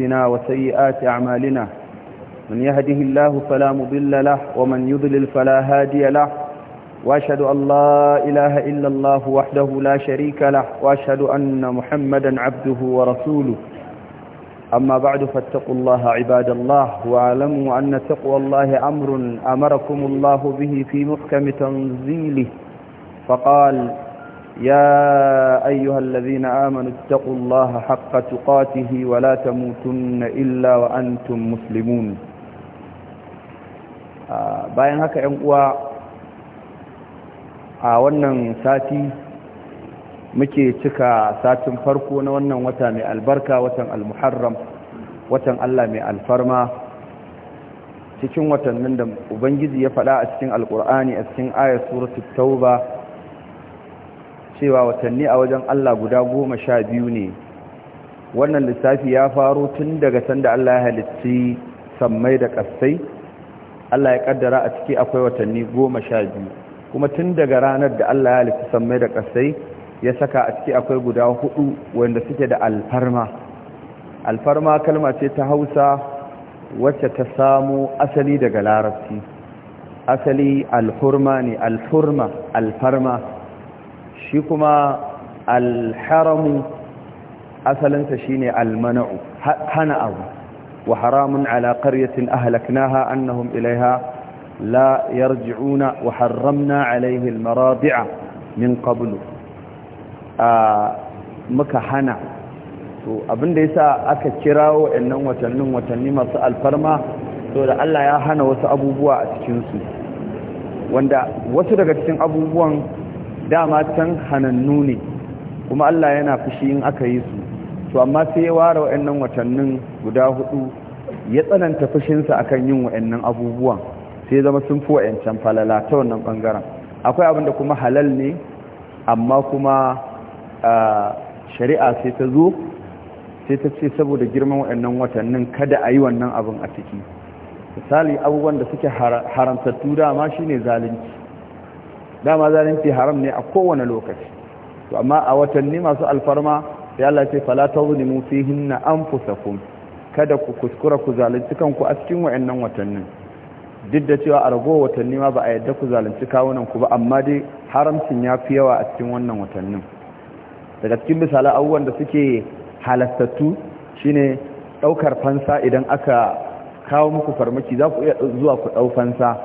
أنفسنا وسيئات أعمالنا من يهده الله فلا مضل له ومن يضلل فلا هادي له وأشهد أن لا إله إلا الله وحده لا شريك له وأشهد أن محمدا عبده ورسوله أما بعد فاتقوا الله عباد الله واعلموا أن تقوى الله أمر أمركم الله به في محكم تنزيله فقال يا أيها الذين آمنوا اتقوا الله حق تقاته ولا تموتن إلا وأنتم مسلمون bayan haka ‘yan uwa a wannan sati muke cika satin farko na wannan wata mai albarka watan almuharram watan Allah mai alfarma cikin watannin da ubangiji ya faɗa a cikin alƙur'ani a cikin ayar suratul tauba cewa watanni a wajen Allah guda goma sha biyu ne wannan lissafi ya faro tun daga sanda Allah ya halitti sammai da ƙasai Allah ya kaddara a ciki akwai watanni goma sha biyu kuma tun daga ranar da Allah ya halitti sammai da ƙasai ya saka a ciki akwai guda hudu wanda suke da alfarma alfarma kalma ce ta hausa wacce ta samo asali daga larabci asali alhurma ne alhurma alfarma shi kuma alharamu asalinsa shine almana'u hana abu wa haramun ala qaryatin ahlaknaha annahum ilaiha la yarji'una wa harramna alaihi almaradi'a min qablu muka hana to abinda yasa aka kira wa'annan watannin watanni masu alfarma so da Allah ya hana wasu abubuwa a cikinsu wanda wasu daga cikin abubuwan dama can hanannu ne kuma Allah yana fushi in aka yi su to amma sai ya ware waɗannan watannin guda hudu ya tsananta fushinsa akan yin wayannan abubuwan sai zama sun fi wa'ancan falala ta wannan bangaren akwai abin da kuma halal ne amma kuma shari'a sai ta zo sai ta ce saboda girman waɗannan watannin kada a yi wannan abin a ciki misali abubuwan da suke haramtattu dama shine zalunci dama zalunci haram ne a kowane lokaci to amma a watanni masu alfarma sai Allah ce fala tazlimu fihinna anfusakum kada ku kuskura ku zalunci kanku a cikin wayannan watannin duk da cewa a rago watanni ma ba a yadda ku zalunci kawunan ku ba amma dai haramcin ya fi yawa a cikin wannan watannin daga cikin misalan abubuwan da suke halastattu shine daukar fansa idan aka kawo muku farmaki za ku iya zuwa ku dau fansa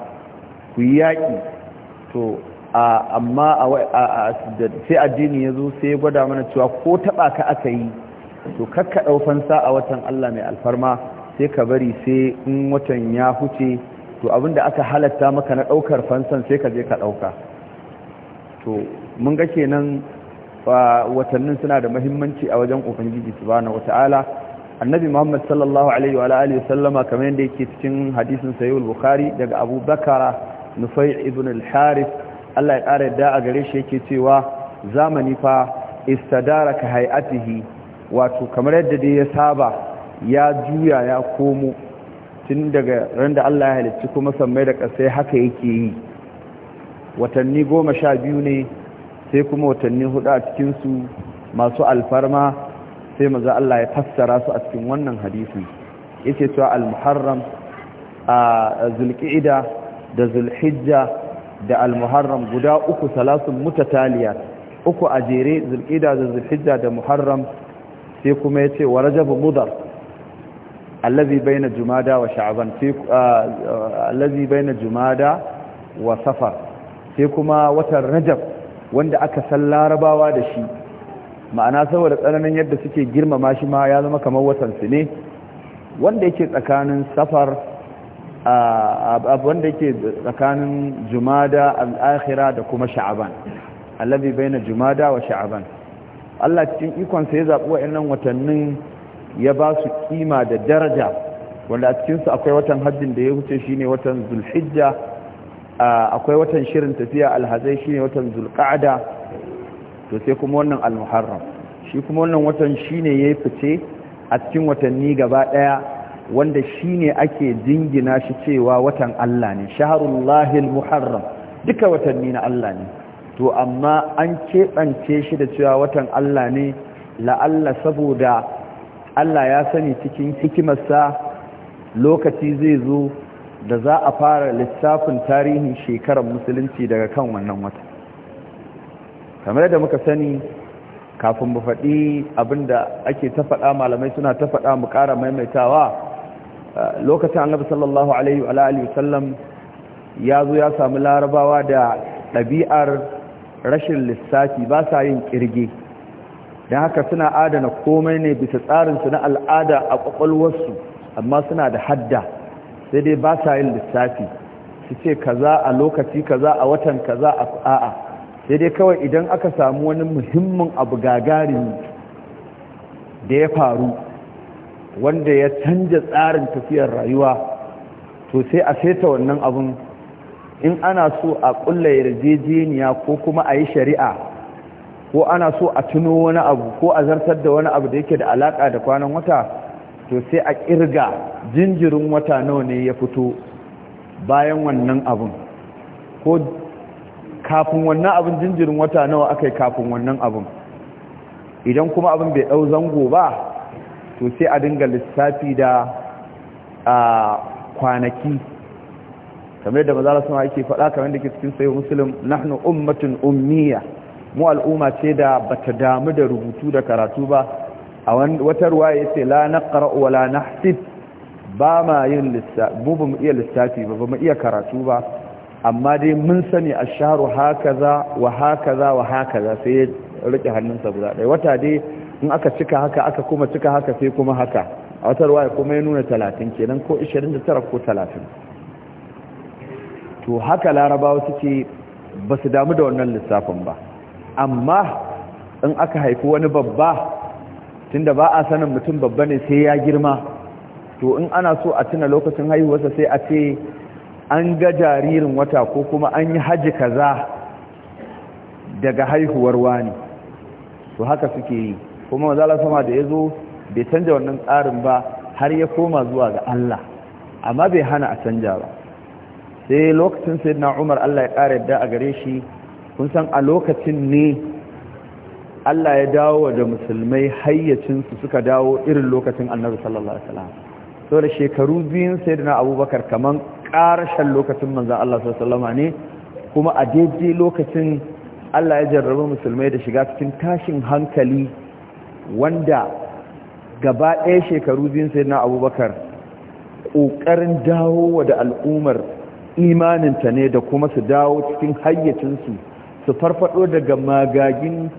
ku yi yaƙi to amma sai addini ya zo sai ya gwada mana cewa ko taɓa ka aka yi to kakka fansa a watan Allah mai alfarma sai ka bari sai in watan ya huce to abinda aka halatta maka na ɗaukar fansan sai ka je ka ɗauka to mun ga kenan watannin suna da muhimmanci a wajen ubangiji subhanahu wata'ala annabi muhammad sallallahu alaihi wa alihi sallama kamar yadda yake cikin hadisin sahih al-bukhari daga abubakar bakara nufai ibn al-harith Allah ya ƙara yadda a gare shi yake cewa zamani fa istadara ka hai'atihi wato kamar yadda dai ya saba ya juya ya komo tun daga ran da Allah ya halicci kuma sammai da ƙasai haka yake yi watanni goma sha biyu ne sai kuma watanni hudu a cikinsu masu alfarma sai maza Allah ya fassara su a cikin wannan hadisi yake cewa al-muharram a zulƙi'ida da zulhijja da al-muharram guda uku salasun mutataliya uku a jere zulqida da zulhijja da muharram sai kuma ce wa rajab mudar allazi baina jumada wa sha'ban sai allazi baina jumada wa safar sai kuma watan rajab wanda aka san larabawa da shi ma'ana saboda tsananin yadda suke girmama shi ma ya zama kamar watan su ne wanda yake tsakanin safar wanda yake tsakanin jumada al'akhira da kuma sha'aban allabi baina jumada wa sha'aban Allah cikin ikonsa ya zaɓi wa'annan watannin ya ba su kima da daraja wanda a cikinsu akwai watan hajjin da ya wuce shi ne watan zulhijja akwai watan shirin tafiya alhazai shi ne watan zulqa'ada to sai kuma wannan almuharram shi kuma wannan watan shi ya yayi fice a cikin watanni gaba ɗaya. wanda shi ne ake jingina shi cewa watan Allah ne shaharullahil muharram duka watanni na Allah ne to amma an keɓance shi da cewa watan Allah ne la'alla saboda Allah ya sani cikin hikimarsa lokaci zai zo da za a fara lissafin tarihin shekarar musulunci daga kan wannan wata kamar da muka sani kafin mu faɗi abinda ake ta faɗa malamai suna ta faɗa mu ƙara maimaitawa lokacin annabi sallallahu alaihi wa alihi wasallam ya zo ya samu larabawa da ɗabi'ar rashin lissafi ba sa yin kirge don haka suna adana komai ne bisa tsarin su na al'ada a ƙwaƙwalwarsu amma suna da hadda sai dai ba sa yin lissafi su ce kaza a lokaci kaza a watan kaza a a'a sai dai kawai idan aka samu wani muhimmin abu gagarin da ya faru wanda ya canja tsarin tafiyar rayuwa to sai a saita wannan abun in ana so a kulla yarjejeniya ko kuma a yi shari'a ko ana so a tuno wani abu ko a zartar da wani abu da yake da alaka da kwanan wata to sai a kirga jinjirin wata nawa ne ya fito bayan wannan abun ko kafin wannan abun jinjirin wata nawa aka yi kafin wannan abun idan kuma abin bai dau zango ba to sai a dinga lissafi da a kwanaki kamar da maza sama yake faɗa kamar da ke cikin sayo musulun nahnu ummatun ummiya mu al'umma ce da bata damu da rubutu da karatu ba a wata ruwa ya ce la na ƙara'u wa la na ba ma yin lissafi mu ba mu iya lissafi ba ba mu iya karatu ba amma dai mun sani a shaharu haka za wa haka za wa haka za sai ya riƙe hannunsa guda ɗaya wata dai in aka cika haka aka kuma cika haka sai kuma haka a wata waya kuma ya nuna talatin kenan ko 29 ko talatin to haka larabawa suke ba su damu da wannan lissafin ba amma in aka haifi wani babba tunda ba a sanin mutum babba ne sai ya girma to in ana so a tuna lokacin haihuwarsa sai a ce an ga jaririn wata ko kuma an yi haji kaza daga haihuwar wani to haka suke yi kuma manzala sama da ya zo bai canja wannan tsarin ba har ya koma zuwa ga Allah amma bai hana a canja ba sai lokacin sai na umar Allah ya ƙara yadda a gare shi kun san a lokacin ne Allah ya dawo da musulmai hayyacinsu suka dawo irin lokacin annabi sallallahu alaihi wasallam da shekaru biyun sai abubakar kaman ƙarshen lokacin manzan Allah sallallahu ne kuma a daidai lokacin Allah ya jarraba musulmai da shiga cikin tashin hankali wanda gaba ɗaya shekaru biyun sai na abubakar ƙoƙarin wa da al'ummar imaninta ne da kuma su dawo cikin hayyacinsu su farfaɗo daga magagin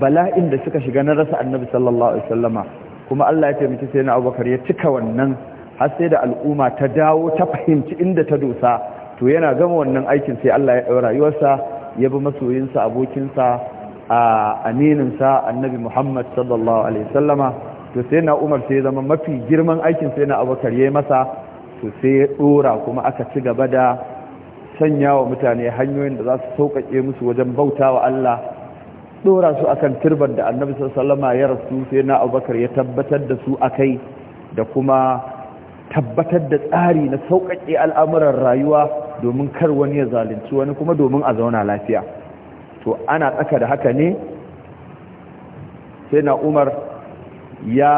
bala'in da suka shiga na rasa annabi sallallahu alaihi wasallama kuma Allah ya taimaki sai na abubakar ya cika wannan har sai da al'umma ta dawo ta fahimci inda ta dosa to yana gama wannan aikin sai Allah ya ɗaura rayuwarsa ya bi masoyinsa abokinsa a amininsa annabi muhammad sallallahu alaihi wasallama to sai na umar sai zama mafi girman aikin sai na abokar ya yi masa to sai ya dora kuma aka ci gaba da sanya wa mutane hanyoyin da za su sauƙaƙe musu wajen bautawa allah dora su akan turban da annabi sallama ya rasu sai na bakar ya tabbatar da su akai da kuma tabbatar da tsari na sauƙaƙe al'amuran rayuwa domin kar wani ya zalunci wani kuma domin a zauna lafiya to ana tsaka da haka ne sai na umar ya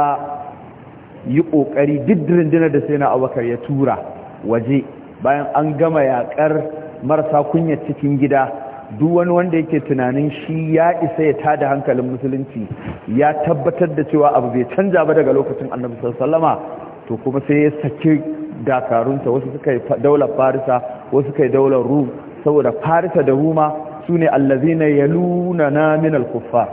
yi ƙoƙari diddirindinar da sai na abubakar ya tura waje bayan an gama yaƙar marasa kunyar cikin gida duk wani wanda yake tunanin shi ya isa ya tada hankalin musulunci ya tabbatar da cewa abu bai canja ba daga lokacin annabi sallama to kuma sai ya saki dakarunsa wasu suka yi daular farisa wasu suka yi daular rum saboda farisa da ruma su ne allazina luna na min al-kuffar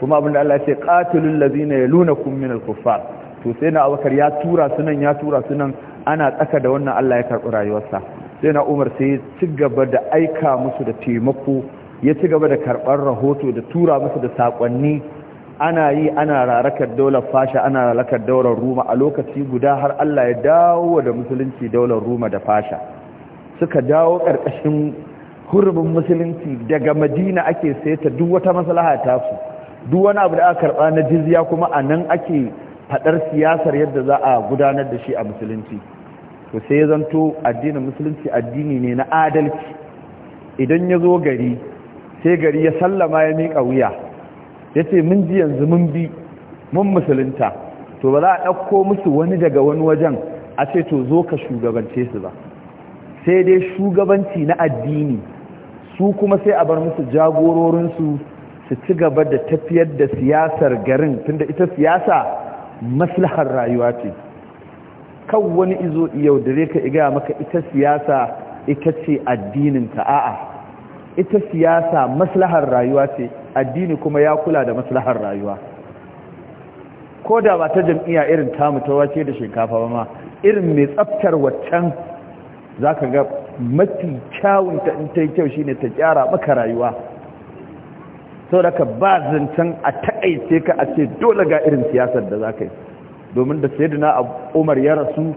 kuma abinda Allah ya ce qatilul lazina yalunakum min al-kuffar to sai na Abubakar ya tura sunan ya tura sunan ana tsaka da wannan Allah ya karɓi rayuwarsa sai na Umar sai ya ci gaba da aika musu da taimako ya ci gaba da karɓar rahoto da tura musu da saƙonni ana yi ana rarakar daular fasha ana rarakar daular ruma a lokaci guda har Allah ya dawo da musulunci daular ruma da fasha suka dawo ƙarƙashin hurumin musulunci daga madina ake saita duk wata maslaha ta su duk wani abu da aka karba na jizya kuma a nan ake fadar siyasar yadda za a gudanar da shi a musulunci to sai ya zanto addinin musulunci addini ne na adalci idan ya zo gari sai gari ya sallama ya mika wuya yace mun ji yanzu mun bi mun musulunta to ba za a ɗauko musu wani daga wani wajen a ce to zo ka shugabance su ba sai dai shugabanci na addini su kuma sai a bar musu jagororinsu su ci gaba da tafiyar da siyasar garin tunda ita siyasa maslahar rayuwa ce kan wani izo yau da ka iga maka ita siyasa ita ce addinin a'a ita siyasa maslahar rayuwa ce addini kuma ya kula da maslahar rayuwa ko da ba ta jam'iyya irin tamu ta wace da shinkafa ba ma irin mai tsaftar waccan za ka ga mafi kyawunta in ta yi kyau shine ta kyara maka rayuwa sau da ka ba zancen a taƙaice ka a ce dole ga irin siyasar da za ka yi domin da duna a umar ya rasu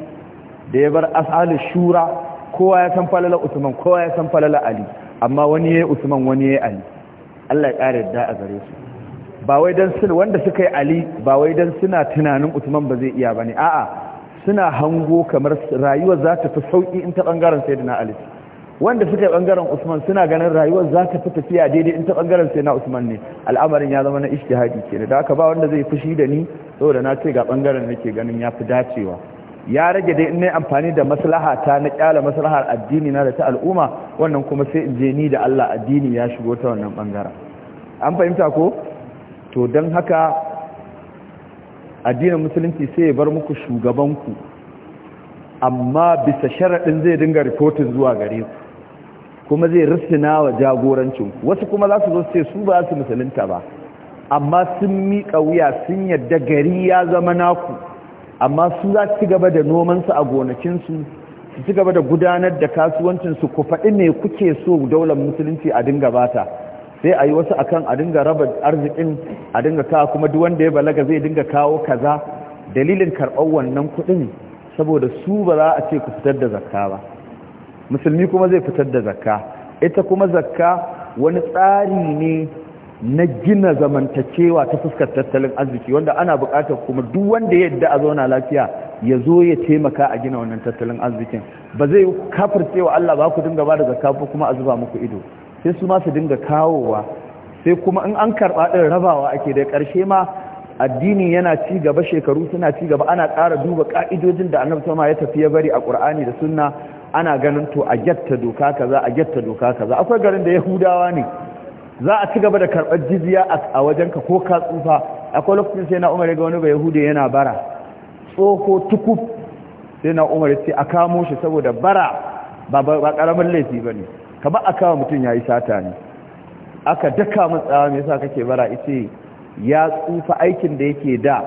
da ya bar asali shura kowa ya san falala usman kowa ya san falala ali amma wani ya yi usman wani ya yi ali allah ya ƙara da a gare su ba wai don suna wanda suka yi ali ba wai don suna tunanin usman ba zai iya ba ne a'a suna hango kamar rayuwar za ta fi sauƙi in ta ɓangaren sai na ali wanda suka yi ɓangaren usman suna ganin rayuwar za ta fi tafiya daidai in ta ɓangaren sai na usman ne al'amarin ya zama na haɗi ke da aka ba wanda zai fushi da ni saboda na ce ga ɓangaren nake ganin ya fi dacewa ya rage dai in na yi amfani da maslaha ta na kyala maslahar addini na da ta al'umma wannan kuma sai in je ni da allah addini ya shigo ta wannan ɓangaren an fahimta ko to don haka addinin musulunci sai ya bar muku shugabanku amma bisa sharaɗin zai dinga rikotin zuwa gare ku kuma zai risina wa jagorancin wasu kuma za su zo sai su ba su musulunta ba amma sun miƙa wuya sun yadda gari ya zama naku amma su za su gaba da nomansu a gonakinsu su ci gaba da gudanar da kasuwancinsu ku faɗi me kuke so daular musulunci a dinga bata sai a yi wasu akan a dinga raba arzikin a dinga kawo kuma duk wanda ya balaga zai dinga kawo kaza dalilin karɓar wannan kuɗin saboda su ba za a ce ku fitar da zakka ba musulmi kuma zai fitar da zakka ita kuma zakka wani tsari ne na gina zamantakewa ta fuskar tattalin arziki wanda ana buƙatar kuma duk wanda ya yadda a zauna lafiya ya zo ya taimaka a gina wannan tattalin arzikin ba zai kafircewa Allah ba ku dinga ba da zakka ba kuma a zuba muku ido sai su ma su dinga kawowa sai kuma in an karɓa ɗin rabawa ake da ƙarshe ma addini yana ci gaba shekaru suna ci gaba ana ƙara duba ƙa'idojin da annabi sama ya tafi ya bari a ƙur'ani da sunna ana ganin to a gyatta doka kaza a gyatta doka kaza akwai garin da yahudawa ne za a ci gaba da karɓar jizya a wajen ka ko ka tsufa akwai lokacin sai na umar ga wani ba yahude yana bara tsoho tukuf sai na umar ya ce a kamo shi saboda bara ba ƙaramin laifi ba ne ba a kawo mutum ya yi sata ne aka daka matsawa mai sa kake bara ita ya tsufa aikin da yake da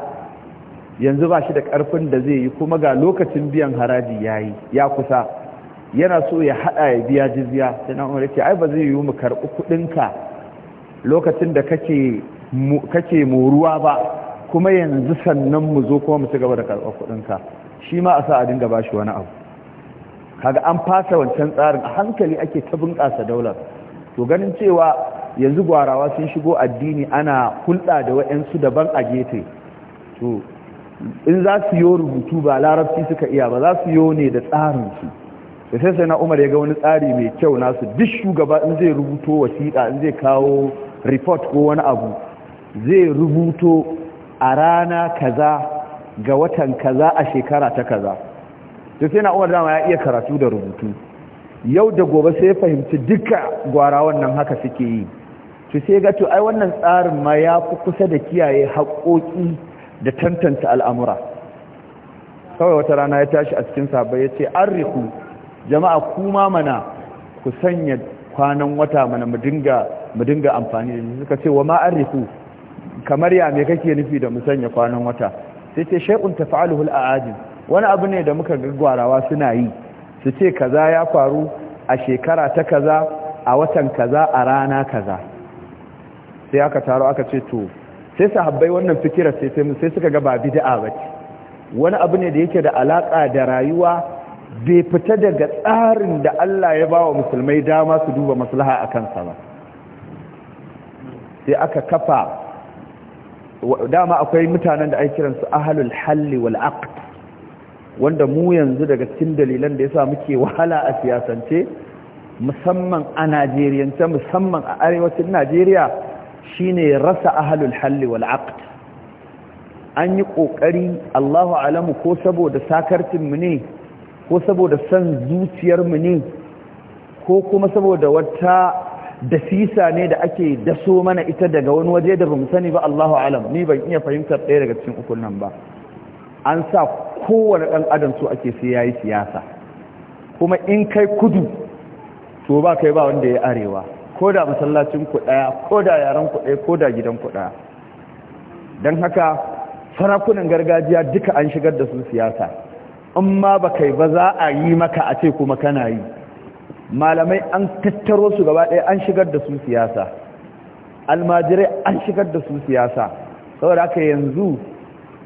yanzu ba shi da ƙarfin da zai yi kuma ga lokacin biyan haraji ya yi ya kusa yana so ya haɗa ya biya jizya sai na umar ce ai ba zai yi mu karɓi kuɗinka lokacin da kake moruwa ba kuma yanzu sannan mu zo kuma mu ci gaba da karɓar kuɗinka shi ma a sa a dinga ba shi wani abu kaga an fasa wancan tsarin a hankali ake ta bunƙasa daular to ganin cewa yanzu gwarawa sun shigo addini ana hulɗa da waɗansu daban a gefe to in za su yi rubutu ba larabci suka iya ba za su yi ne da tsarinsu da sai sai na umar ya ga wani tsari mai kyau nasu duk shugaba in zai rubuto wasiƙa in zai kawo report ko wani abu zai rubuto a rana kaza ga watan kaza a shekara ta kaza to sai na umar dama ya iya karatu da rubutu yau da gobe sai ya fahimci duka gwara wannan haka suke yi to sai ga to ai wannan tsarin ma ya fi kusa da kiyaye haƙoƙi da tantance al'amura kawai wata rana ya tashi a cikin sabai ya ce an riku jama'a kuma mana ku sanya kwanan wata mana mu dinga amfani da shi suka ce wa ma an riku kamar ya me kake nufi da mu sanya kwanan wata sai ce shaikun tafa'aluhul a'ajin wani abu ne da muka gaggwarawa suna yi su ce kaza ya faru a shekara ta kaza a watan kaza a rana kaza sai aka taro aka ce to sai su sahabbai wannan fikira sai sai suka ga ba a bace wani abu ne da yake da alaka da rayuwa bai fita daga tsarin da Allah ya ba wa musulmai dama su duba maslaha a kansa ba sai aka kafa dama akwai mutanen da ake kiransu ahlul halli wal aqd wanda mu yanzu daga cikin dalilan da ya sa muke wahala a siyasance musamman a Najeriyance musamman a arewacin Najeriya shine rasa ahlul halli wal aqd an yi kokari Allahu alamu ko saboda sakarcin mu ne ko saboda san zuciyar mu ne ko kuma saboda wata dasisa ne da ake daso mana ita daga wani waje da ba mu sani ba Allahu alam ni ban iya fahimtar ɗaya daga cikin ukun nan ba an sa kowane ɗan adam so ake sai ya yi siyasa kuma in kai kudu to ba kai ba wanda ya arewa ko da masallacin kuɗaya, ko da yaren kuɗaya, ko da gidan kuɗaya. don haka sarakunan gargajiya duka an shigar da su siyasa in ma ba kai ba za a yi maka a ce kuma kana yi malamai an tattaro su gaba ɗaya an shigar da su siyasa almajirai an shigar da su siyasa saboda haka yanzu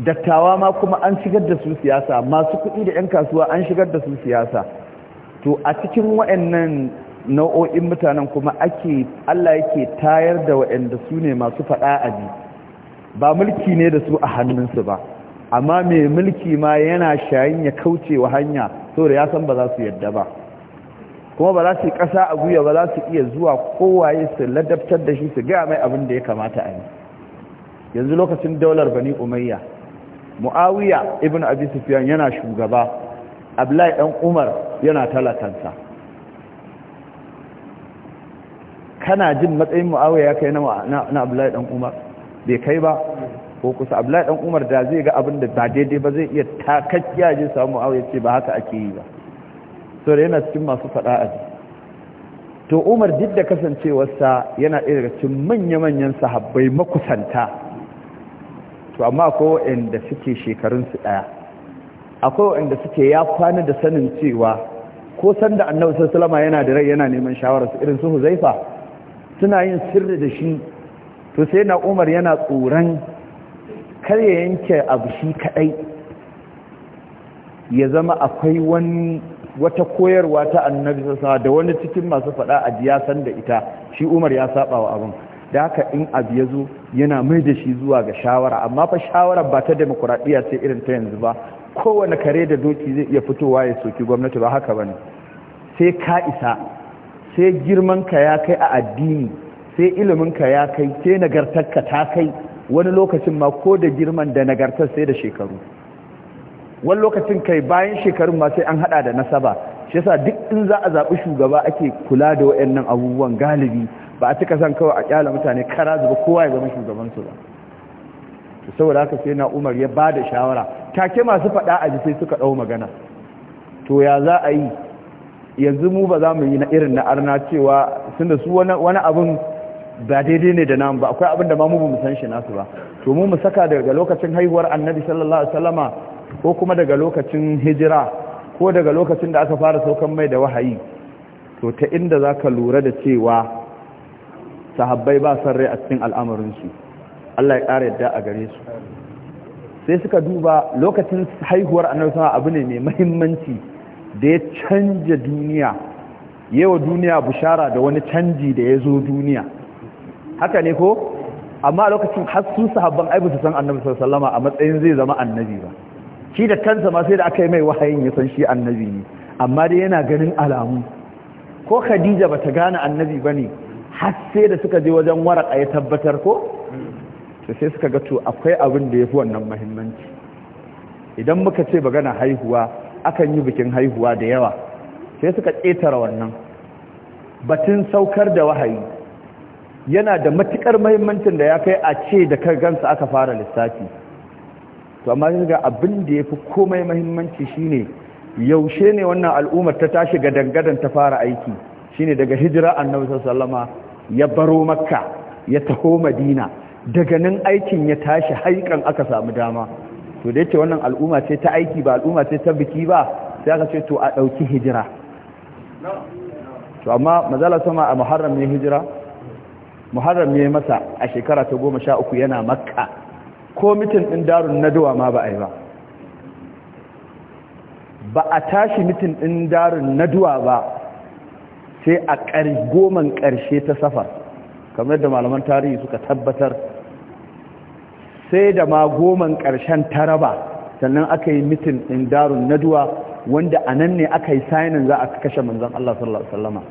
dattawa ma kuma an shigar da su siyasa masu kuɗi da 'yan kasuwa an shigar da su siyasa to a cikin wa'annan nau'o'in mutanen kuma ake Allah yake tayar da wa'anda su ne masu faɗa a ji ba mulki ne da su a hannunsu ba amma mai mulki ma yana shayin ya kauce wa hanya saboda ya san ba za su yadda ba kuma ba za su yi ƙasa a guya ba za su iya zuwa kowaye su ladabtar da shi su gaya mai abin da ya kamata a yi yanzu lokacin daular bani umayya mu'awiya ibn abi sufyan yana shugaba abdullahi dan umar yana talakansa kana jin matsayin mu'awiya ya kai na abdullahi dan umar bai kai ba ko kusa abdullahi dan umar da zai ga abin da ba daidai ba zai iya takakkiya ji samu mu'awiya ce ba haka ake yi ba so da yana cikin masu faɗa a ji to umar duk da kasancewarsa yana ɗaya daga cikin manya-manyan sahabbai makusanta to amma akwai wanda suke shekarunsu ɗaya akwai waɗanda suke ya kwana da sanin cewa ko da annabi sallallahu alaihi yana da rai yana neman shawararsu, su irin su Huzaifa suna yin sirri da shi to sai na Umar yana tsoran kar ya yanke abu shi kadai ya zama akwai wani wata koyarwa ta annabi sallallahu da wani cikin masu faɗa a jiya da ita shi Umar ya saba wa abin da haka in abu ya zo yana mai da shi zuwa ga shawara amma fa shawara ba ta demokuraɗiyya ce irin ta yanzu ba kowane kare da doki zai iya fitowa ya soki gwamnati ba haka bane sai ka isa sai girmanka ya kai a addini sai iliminka ya kai sai nagartarka ta kai wani lokacin ma ko da girman da nagartar sai da shekaru wani lokacin kai bayan shekarun ma sai an hada da nasaba shi yasa duk in za a zaɓi shugaba ake kula da waɗannan abubuwan galibi ba a cika san kawai a kyala mutane kara zuba kowa ya zama su ba to saboda haka sai na umar ya bada shawara take masu faɗa a ji suka ɗau magana to ya za a yi yanzu mu ba za mu yi na irin na arna cewa tunda su wani abin ba daidai ne da namu ba akwai abin da ma mu bamu san shi nasu ba to mu mu saka daga lokacin haihuwar annabi sallallahu alaihi wasallama ko kuma daga lokacin hijira ko daga lokacin da aka fara saukan mai da wahayi to ta inda zaka lura da cewa sahabbai ba san rai a cikin al'amarinsu Allah ya ƙara yadda a gare su sai suka duba lokacin haihuwar annabi sama abu ne mai mahimmanci da ya canja duniya yawa duniya bushara da wani canji da ya zo duniya haka ne ko amma a lokacin har su sahabban aibu su san annabi sallama a matsayin zai zama annabi ba shi da kansa ma sai da aka yi mai wahayin ya san shi annabi ne amma dai yana ganin alamu ko khadija bata gane annabi bane har sai da suka je wajen waraka ya tabbatar ko to sai suka ga to akwai abin da ya wannan muhimmanci idan muka ce bagana haihuwa akan yi bikin haihuwa da yawa sai suka ƙetara wannan batun saukar da wahayi yana da matukar muhimmancin da ya kai a ce da kan gansa aka fara lissafi to amma ga abin da yafi komai muhimmanci shine yaushe ne wannan al'ummar ta tashi ga dangadan ta fara aiki shine daga hijira annabi sallama ya baro makka ya taho madina daga nan aikin ya tashi haikan aka samu dama to da yake wannan al'umma ce ta aiki ba al'umma ce ta biki ba sai aka ce to a ɗauki hijira to amma mazala sama a muharram ne hijira muharram ne masa a shekara ta goma sha uku yana makka ko mitin ɗin darun nadawa ma ba a yi ba ba a tashi mitin ɗin darun naduwa ba sai a goman ƙarshe ta safar kamar yadda malaman tarihi suka tabbatar sai da ma goman ƙarshen taraba sannan aka yi mitin ɗin darun duwa wanda a nan ne aka yi sainin za a kashe manzan Allah sallallahu Alaihi wasallama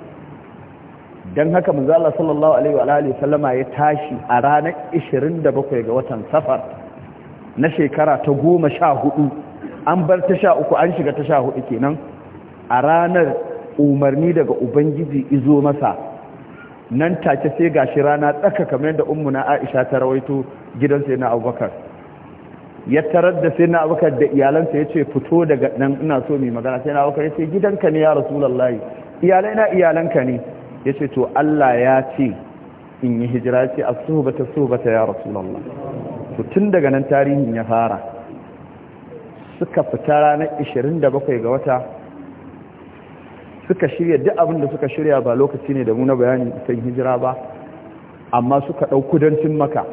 don haka manzan Allah sallallahu Alaihi wasallama ya tashi a ranar 27 ga watan safar na shekara ta goma sha hudu an bar ta sha uku an shiga ta sha hudu kenan a ranar umarni daga ubangiji izo masa nan take sai gashi rana tsaka kamar yadda ummuna Aisha ta rawaito gidan sai na Abubakar ya tarar da sai na Abubakar da iyalansa yace fito daga nan ina so mu magana sai na Abubakar yace gidanka ne ya Rasulullahi iyalai na iyalanka ne yace to Allah ya ce in yi hijira ce ta suba ta ya Rasulullah to tun daga nan tarihin ya fara suka fita ranar 27 ga wata suka shirya duk abin da suka shirya ba lokaci ne da mu na bayanin isan hijira ba amma suka dau kudancin maka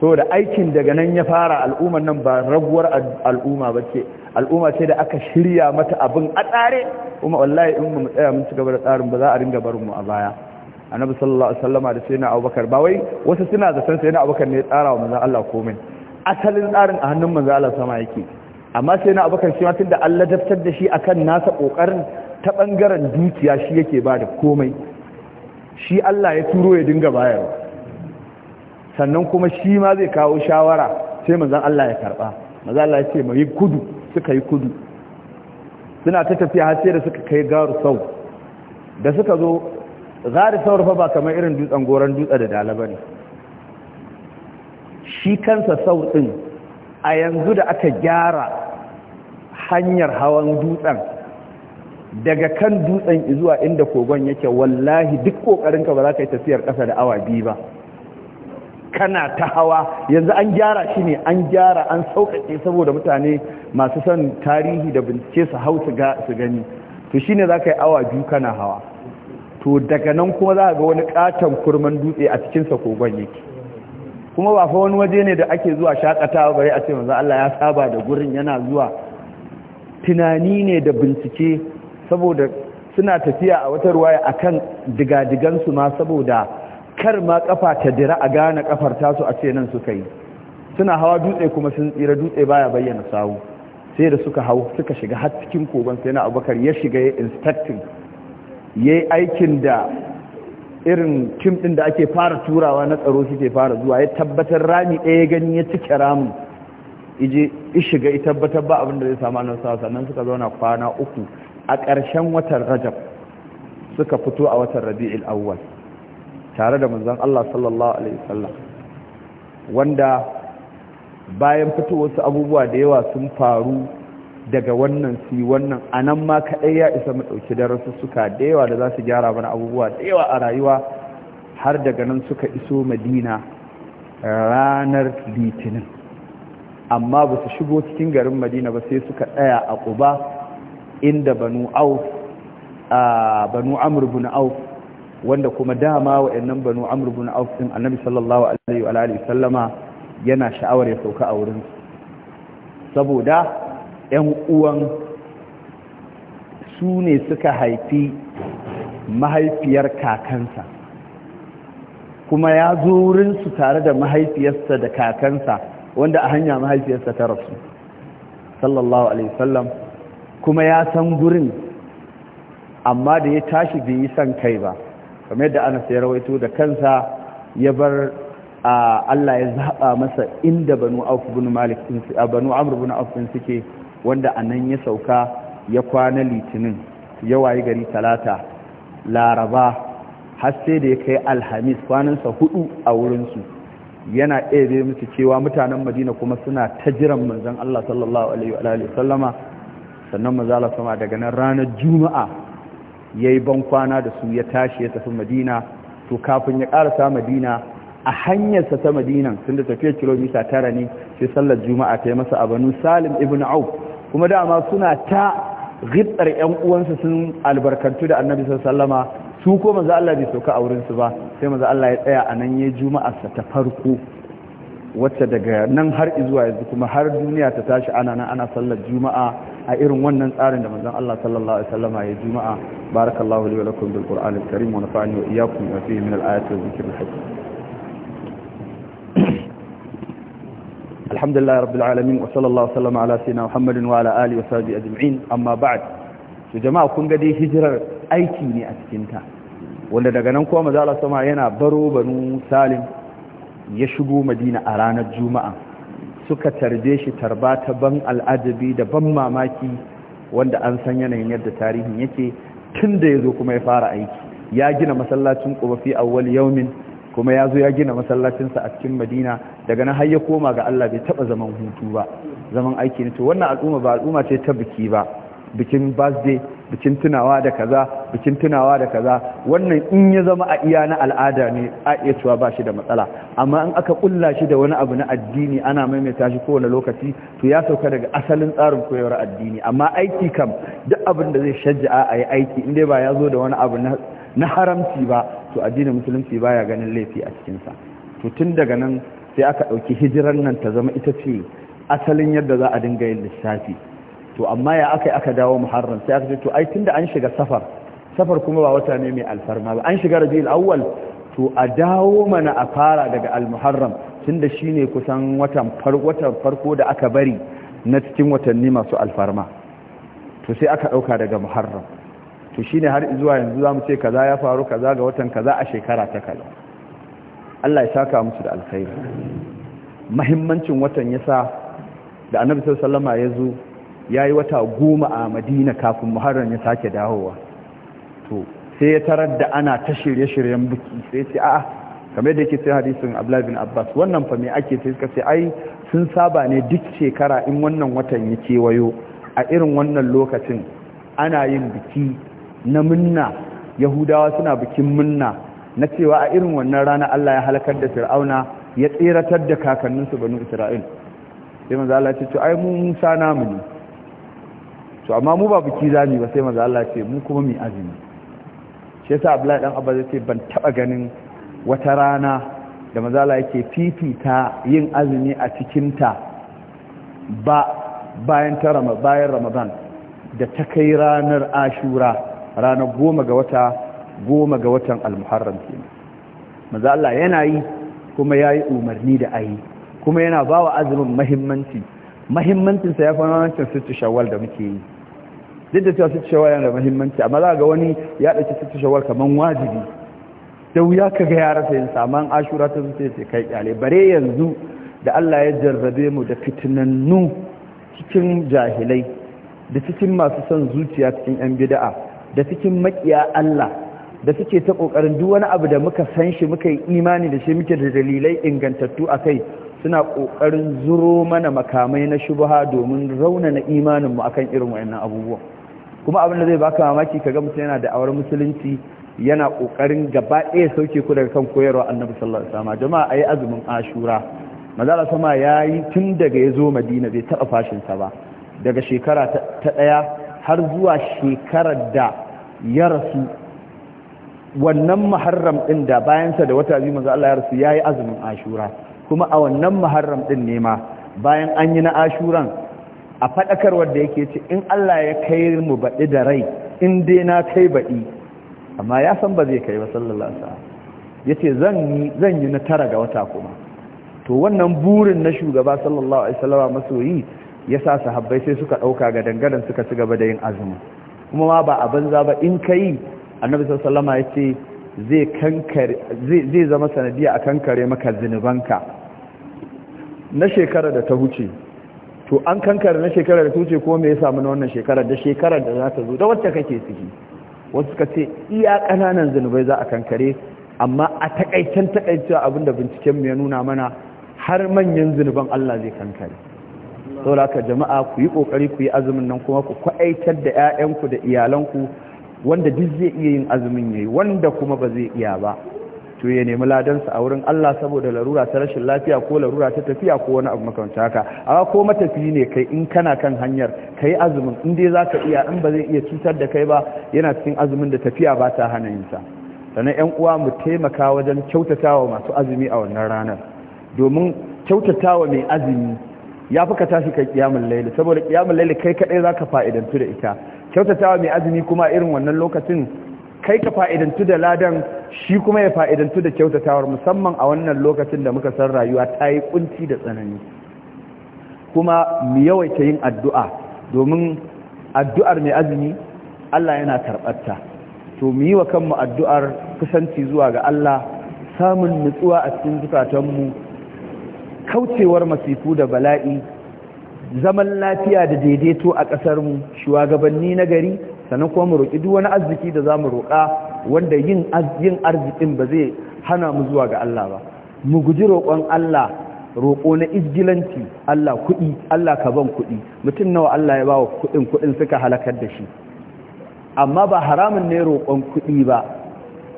so da aikin daga nan ya fara al'ummar nan ba raguwar al'umma ba ce al'umma ce da aka shirya mata abin a tsare kuma wallahi in mu tsaya mun cigaba gaba da tsarin ba za a ringa barin mu a baya annabi sallallahu alaihi wasallama da sayyidina abubakar ba wai wasu suna da san sayyidina abubakar ne ya tsara wa manzon Allah komai asalin tsarin a hannun manzon Allah sama yake amma sayyidina abubakar shi ma tunda Allah daftar da shi akan nasa kokarin ta ɓangaren dukiya shi yake ba da komai shi Allah ya turo ya dinga bayarwa sannan kuma shi ma zai kawo shawara sai manzan Allah ya karɓa manzan Allah ya ce mai kudu suka yi kudu suna ta tafiya har sai da suka kai garu sau da suka zo zari sau rufa ba kamar irin dutsen goron dutse da dalaba ne shi kansa sau ɗin a yanzu da aka gyara hanyar hawan dutsen daga kan dutsen zuwa inda kogon yake wallahi duk kokarinka ba za ka yi tafiyar kasa da awa biyu ba kana ta hawa yanzu an gyara shi ne an gyara an sauƙaƙe saboda mutane masu son tarihi da bincike su hau su gani to shine za ka yi awa biyu kana hawa to daga nan kuma za ga wani katon kurman dutse a cikinsa kogon yake kuma ba fa wani waje ne da ake zuwa shakatawa bare a ce manzo Allah ya saba da gurin yana zuwa tunani ne da bincike saboda suna tafiya a wata ruwaya akan digadigansu ma saboda kar ma kafa ta dira a gane kafar tasu a ce nan suka yi suna hawa dutse kuma sun tsira dutse baya bayyana sawu sai da suka hau suka shiga har cikin kogon sai na abubakar ya shiga ya inspecting ya yi aikin da irin tim din da ake fara turawa na tsaro suke fara zuwa ya tabbatar rami ɗaya gani ya cike ramin ije shiga ya tabbatar ba abin da zai samu annabi sallallahu sannan suka zauna kwana uku a ƙarshen watan rajab suka fito a watan rabi'il awwal tare da manzon Allah sallallahu alaihi wasallam wanda bayan wasu abubuwa da yawa sun faru daga wannan si wannan anan ma kaɗai ya isa mu ɗauki suka da yawa da za su gyara mana abubuwa da yawa a rayuwa har daga nan suka iso madina ranar litinin amma ba su shigo cikin garin madina ba sai suka tsaya a ƙuba inda banu auf a banu amr bin auf wanda kuma dama wayannan banu amr bin auf din annabi sallallahu alaihi wa alihi sallama yana sha'awar ya sauka a wurin saboda ɗan uwan su ne suka haifi mahaifiyar kakansa kuma ya zo su tare da mahaifiyarsa da kakansa wanda a hanya mahaifiyarsa ta rasu sallallahu alaihi sallam kuma ya san gurin amma da ya tashi bai yi san kai ba kamar yadda Ana ya ito da kansa ya bar Allah ya zaɓa masa inda banu auf bin malik banu suke wanda a nan ya sauka ya kwana litinin ya wayi gari talata laraba har sai da ya kai alhamis kwanansa hudu a wurinsu yana ɗaya zai musu cewa mutanen madina kuma suna ta jiran manzon Allah sallallahu alaihi wa sallama sannan mazala sama daga nan ranar juma'a ya yi ban kwana da su ya tashi ya tafi madina to kafin ya karasa madina a hanyarsa ta madinan da tafiyar kilomita tara ne sai sallar juma'a ta yi masa abanu salim ibn au kuma dama suna ta gitsar yan uwansa sun albarkantu da annabi sallama su ko maza Allah bai sauka a wurinsu ba sai maza Allah ya tsaya a nan ya juma'arsa ta farko wacce daga nan har izuwa yanzu kuma har duniya ta tashi ana nan ana sallar juma'a a irin wannan tsarin da manzon Allah sallallahu alaihi wasallama ya juma'a barakallahu li wa lakum bil qur'anil karim wa nafa'ani wa iyyakum bima fihi min al ayati wa dhikril hakim alhamdulillahi rabbil alamin wa sallallahu sallama ala sayyidina muhammadin wa ala alihi wa sahbihi ajma'in amma ba'd to jama'a kun ga dai hijirar aiki ne a cikin ta wanda daga nan kuma manzon Allah sama yana baro banu salim ya shigo madina a ranar juma'a suka tarbe shi tarba ta ban al'ajabi da ban mamaki wanda an san yanayin yadda tarihin yake tun da ya zo kuma ya fara aiki ya gina masallacin kuma fi awwal yaumin kuma ya zo ya gina masallacinsa a cikin madina daga nan har ya koma ga allah bai taba zaman hutu ba zaman aiki ne to wannan al'umma ba al'umma ce ta biki ba bikin birthday bikin tunawa da kaza bikin tunawa da kaza wannan in ya zama a iya na al'ada ne a iya cewa ba shi da matsala amma in aka kulla shi da wani abu na addini ana maimaita shi kowane lokaci to ya sauka daga asalin tsarin koyar addini amma aiki kam duk abin da zai shajja'a a yi aiki in dai ba ya zo da wani abu na haramci ba to addinin musulunci baya ganin laifi a cikinsa to tun daga nan sai aka ɗauki hijirar nan ta zama ita ce asalin yadda za a dinga yin lissafi to amma ya aka aka dawo muharram sai aka ce to ai tunda an shiga safar safar kuma ba wata ne mai alfarma ba an shiga rabiul awwal to a dawo mana a fara daga al-muharram tunda shine kusan watan watan farko da aka bari na cikin watanni masu alfarma to sai aka dauka daga muharram to shine har zuwa yanzu zamu ce kaza ya faru kaza ga watan kaza a shekara ta kaza Allah ya saka musu da alkhairi muhimmancin watan yasa da annabi sallallahu alaihi wasallam ya zo ya yi wata goma a madina kafin muharram ya sake dawowa to sai ya tarar da ana ta shirye-shiryen buki sai ce a'a kamar da yake sai hadisin abdullahi bin abbas wannan fa me ake sai suka sai ai sun saba ne duk shekara in wannan watan ya kewayo a irin wannan lokacin ana yin biki na minna yahudawa suna bikin minna na cewa a irin wannan rana allah ya halakar da fir'auna ya tseratar da kakanninsu banu isra'il sai manzo Allah ya ce to ai mu musa namu ne to amma mu ba biki zami ba sai manzo Allah ce mu kuma mu azumi shi yasa Abdullahi dan Abba zai ce ban taba ganin wata rana da manzo Allah yake fifita yin azumi a cikin ta ba bayan ta bayan Ramadan da ta kai ranar Ashura ranar goma ga wata goma ga watan Al-Muharram kenan manzo Allah yana yi kuma yayi umarni da ayi kuma yana bawa azumin muhimmanci muhimmancinsa ya fi ranar 6 shawwal da muke yi duk da cewa sitta shawara yana da muhimmanci amma za ga wani ya ɗauki sitta shawar kamar wajibi da wuya ka ga ya rasa yin saman ashura ta zuce sai kai kyale bare yanzu da Allah ya jarrabe mu da fitinannu cikin jahilai da cikin masu son zuciya cikin yan bida'a da cikin makiya Allah da suke ta kokarin duk wani abu da muka san shi muka yi imani da shi muke da dalilai ingantattu a kai suna kokarin zuro mana makamai na shubuha domin raunana imaninmu akan irin wayannan abubuwan kuma abin da zai baka mamaki kaga mutum yana da awar musulunci yana kokarin gaba ɗaya sauke ku daga kan koyarwa annabi sallallahu alaihi wasallam jama'a ayi azumin ashura manzala sama yayi tun daga yazo madina bai taba fashin sa ba daga shekara ta daya har zuwa shekarar da ya rasu wannan muharram din da bayan sa da wata biyu manzo Allah ya rasu yayi azumin ashura kuma a wannan muharram din ne ma bayan an yi na ashuran a faɗakarwar da yake ce in Allah ya kai mu baɗi da rai in dai na kai baɗi amma ya san ba zai kai ba sallallahu alaihi wasallam yace zan zan yi na tara ga wata kuma to wannan burin na shugaba sallallahu alaihi wasallam masoyi yasa sahabbai sai suka ɗauka ga dangaren suka ci gaba da yin azumi kuma ma ba a banza ba in kai annabi sallallahu alaihi wasallam yace zai kankare zai zama sanadiya a kankare maka zinubanka na shekarar da ta huce to an kankare na shekarar da tuce ko me ya samu na wannan shekarar da shekarar da za ta zo da wacce kake ciki wasu suka ce iya kananan zunubai za a kankare amma a takaicen abin da binciken mu ya nuna mana har manyan zunuban Allah zai kankare saboda jama'a ku yi kokari ku yi azumin nan kuma ku kwaitar da 'ya'yanku da iyalanku wanda duk zai iya yin azumin yayi wanda kuma ba zai iya ba to ya nemi ladansa a wurin Allah saboda larura ta rashin lafiya ko larura ta tafiya ko wani abu makamta haka amma ko matafiyi ne kai in kana kan hanyar kai azumin in dai zaka iya in ba zai iya cutar da kai ba yana cikin azumin da tafiya ba ta hana yin sa sannan ƴan uwa mu taimaka wajen kyautatawa masu azumi a wannan ranar domin kyautatawa mai azumi ya fi ka tashi kai kiyamul laili saboda kiyamul laili kai kadai zaka fa'idantu da ita kyautatawa mai azumi kuma irin wannan lokacin kai ka fa'idantu da ladan shi kuma ya fa'idantu da kyautatawar musamman a wannan lokacin da muka san rayuwa ta yi kunci da tsanani kuma mu yawaita yin addu'a domin addu'ar mai azumi Allah yana karɓarta to mu yi wa kanmu addu'ar kusanci zuwa ga Allah samun nutsuwa a cikin zukatanmu kaucewar masifu da bala'i zaman lafiya da daidaito a ƙasarmu shugabanni na gari sannan kuma mu roƙi duk wani arziki da za mu roƙa wanda yin arzikin ba zai hana mu zuwa ga Allah ba mu guji roƙon Allah roƙo na izgilanci Allah kuɗi Allah ka ban kuɗi mutum nawa Allah ya ba wa kuɗin kuɗin suka halakar da shi amma ba haramun ne roƙon kuɗi ba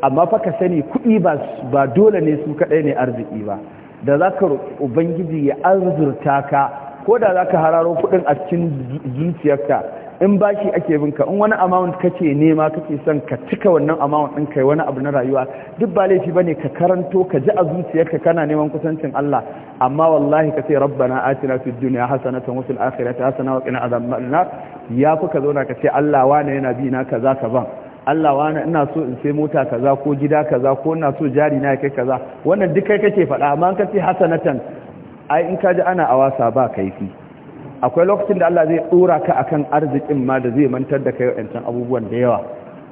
amma fa ka sani kuɗi ba dole ne su kaɗai ne arziki ba da za ka ubangiji ya arzurta ka ko da za ka hararo kuɗin a cikin zuciyarka in bashi ake binka in wani amount kake nema kake son ka cika wannan amount din kai wani abu na rayuwa duk ba laifi bane ka karanto ka ji a zuciyarka kana neman kusancin Allah amma wallahi ka ce rabbana atina fid dunya hasanatan wa fil akhirati hasanatan wa qina adhaban nar ya fi ka zauna ka ce Allah wane yana bi na kaza ka ban Allah wani ina so in sai mota kaza ko gida kaza ko ina so jari na kai kaza wannan duk kai kake faɗa amma ka ce hasanatan ai in ka ji ana awasa ba kaifi akwai lokacin da Allah zai dora ka akan arzikin ma da zai mantar da ka wa'ancan abubuwan da yawa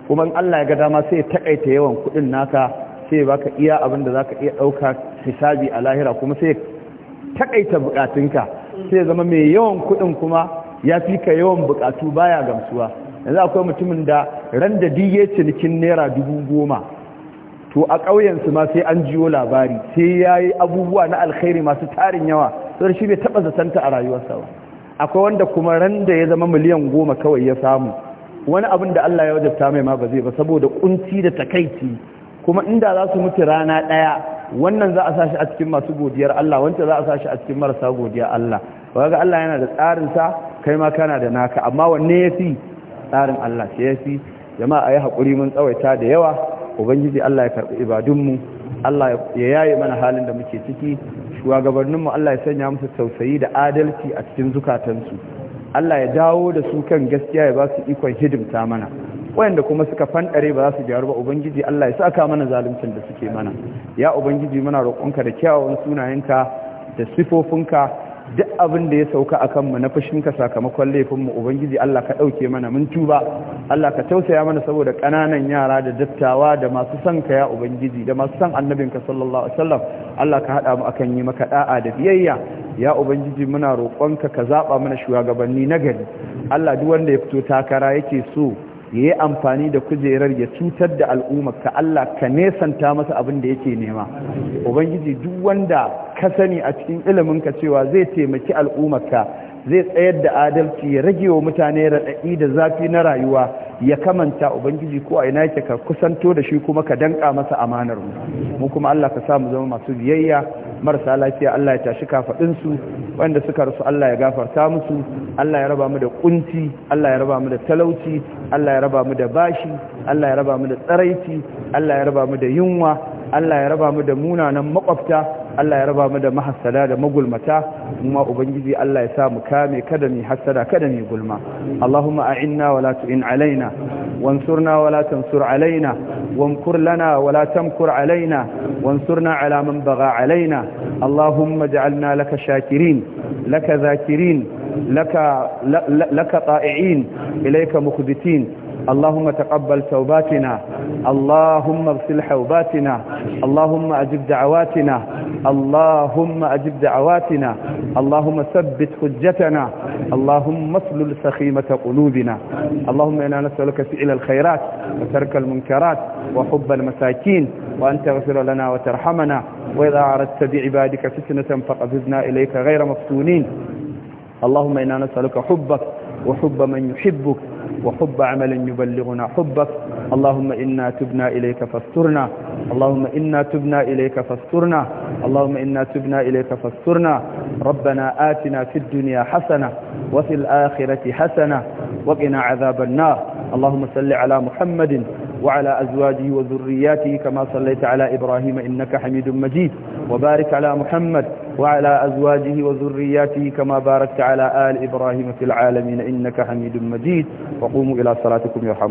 kuma in Allah ya ga dama sai ya yawan kuɗin naka sai baka iya abin da zaka iya ɗauka hisabi a lahira kuma sai takaita buƙatunka sai zama mai yawan kuɗin kuma ya fi ka yawan bukatu baya gamsuwa yanzu akwai mutumin da ran da diye cinikin naira dubu goma to a ƙauyensu ma sai an jiyo labari sai ya yi abubuwa na alkhairi masu tarin yawa sai shi bai taɓa zatanta a rayuwarsa ba akwai wanda kuma ran da ya zama miliyan goma kawai ya samu wani abin da Allah ya wajabta mai ma ba zai ba saboda kunci da takaici kuma inda za su mutu rana ɗaya wannan za a sa shi a cikin masu godiyar Allah wanda za a sa shi a cikin marasa godiyar Allah ga Allah yana da tsarinsa kai ma kana da naka amma wanne ya fi tsarin Allah shi ya fi jama'a a yi haƙuri mun tsawaita da yawa ubangiji Allah ya karɓi ibadunmu Allah ya yaye mana halin da muke ciki shugabanninmu Allah ya sanya musu tausayi da adalci a cikin zukatansu Allah ya dawo da su kan gaskiya ya ba su ikon hidimta mana wayanda kuma suka fanɗare ba za su gyaru ba ubangiji Allah ya saka mana zaluncin da suke mana ya ubangiji muna roƙonka da kyawawan sunayenka da sifofinka duk abin da ya sauka a kanmu na ka sakamakon laifinmu ubangiji Allah ka ɗauke mana mun tuba Allah ka tausaya mana saboda ƙananan yara da dattawa da masu son ka ya ubangiji da masu son annabinka sallallahu alaihi wasallam Allah ka haɗa mu a kan yi maka ɗa'a da biyayya ya ubangiji muna roƙonka ka zaɓa mana shugabanni na gari Allah duk wanda ya fito takara yake so ya yi amfani da kujerar ya cutar da al'umma ka Allah ka nesanta masa abin da yake nema ubangiji duk wanda ka sani a cikin ilimin ka cewa zai taimaki al'umma ka zai tsayar da adalci ya rage wa mutane raɗaɗi da zafi na rayuwa ya kamanta ubangiji ko a ina yake ka kusanto da shi kuma ka danka masa amanar mu mu kuma Allah ka sa mu zama masu biyayya marasa lafiya Allah ya tashi su wanda suka rasu Allah ya gafarta musu Allah ya raba mu da kunci Allah ya raba mu da talauci Allah ya raba mu da bashi Allah ya raba mu da tsaraiti Allah ya raba mu da yunwa Allah ya raba mu da munanan makwabta Allah ya raba mu da mahassada da magulmata kuma ubangiji Allah ya sa mu kame kada mu hasada kada mu gulma Allahumma a'inna wa la tu'in alaina wansurna wa la tansur alaina وامكر لنا ولا تمكر علينا وانصرنا على من بغى علينا اللهم اجعلنا لك شاكرين لك ذاكرين لك, لك طائعين إليك مخبتين اللهم تقبل توباتنا اللهم اغسل حوباتنا اللهم أجب دعواتنا اللهم أجب دعواتنا اللهم ثبت حجتنا اللهم اسلل سخيمة قلوبنا اللهم إنا نسألك فعل الخيرات وترك المنكرات وحب المساكين وأن تغفر لنا وترحمنا وإذا أردت بعبادك فتنة فقفزنا إليك غير مفتونين اللهم إنا نسألك حبك وحب من يحبك وحب عمل يبلغنا حبك اللهم إنا تبنا إليك فاسترنا اللهم إنا تبنا إليك فاسترنا اللهم إنا تبنا إليك فاسترنا ربنا آتنا في الدنيا حسنة وفي الآخرة حسنة وقنا عذاب النار اللهم صل على محمد وعلى أزواجه وذرياته كما صليت على إبراهيم إنك حميد مجيد وبارك على محمد وعلى أزواجه وذرياته كما باركت على آل إبراهيم في العالمين إنك حميد مجيد وقوموا إلى صلاتكم يرحمكم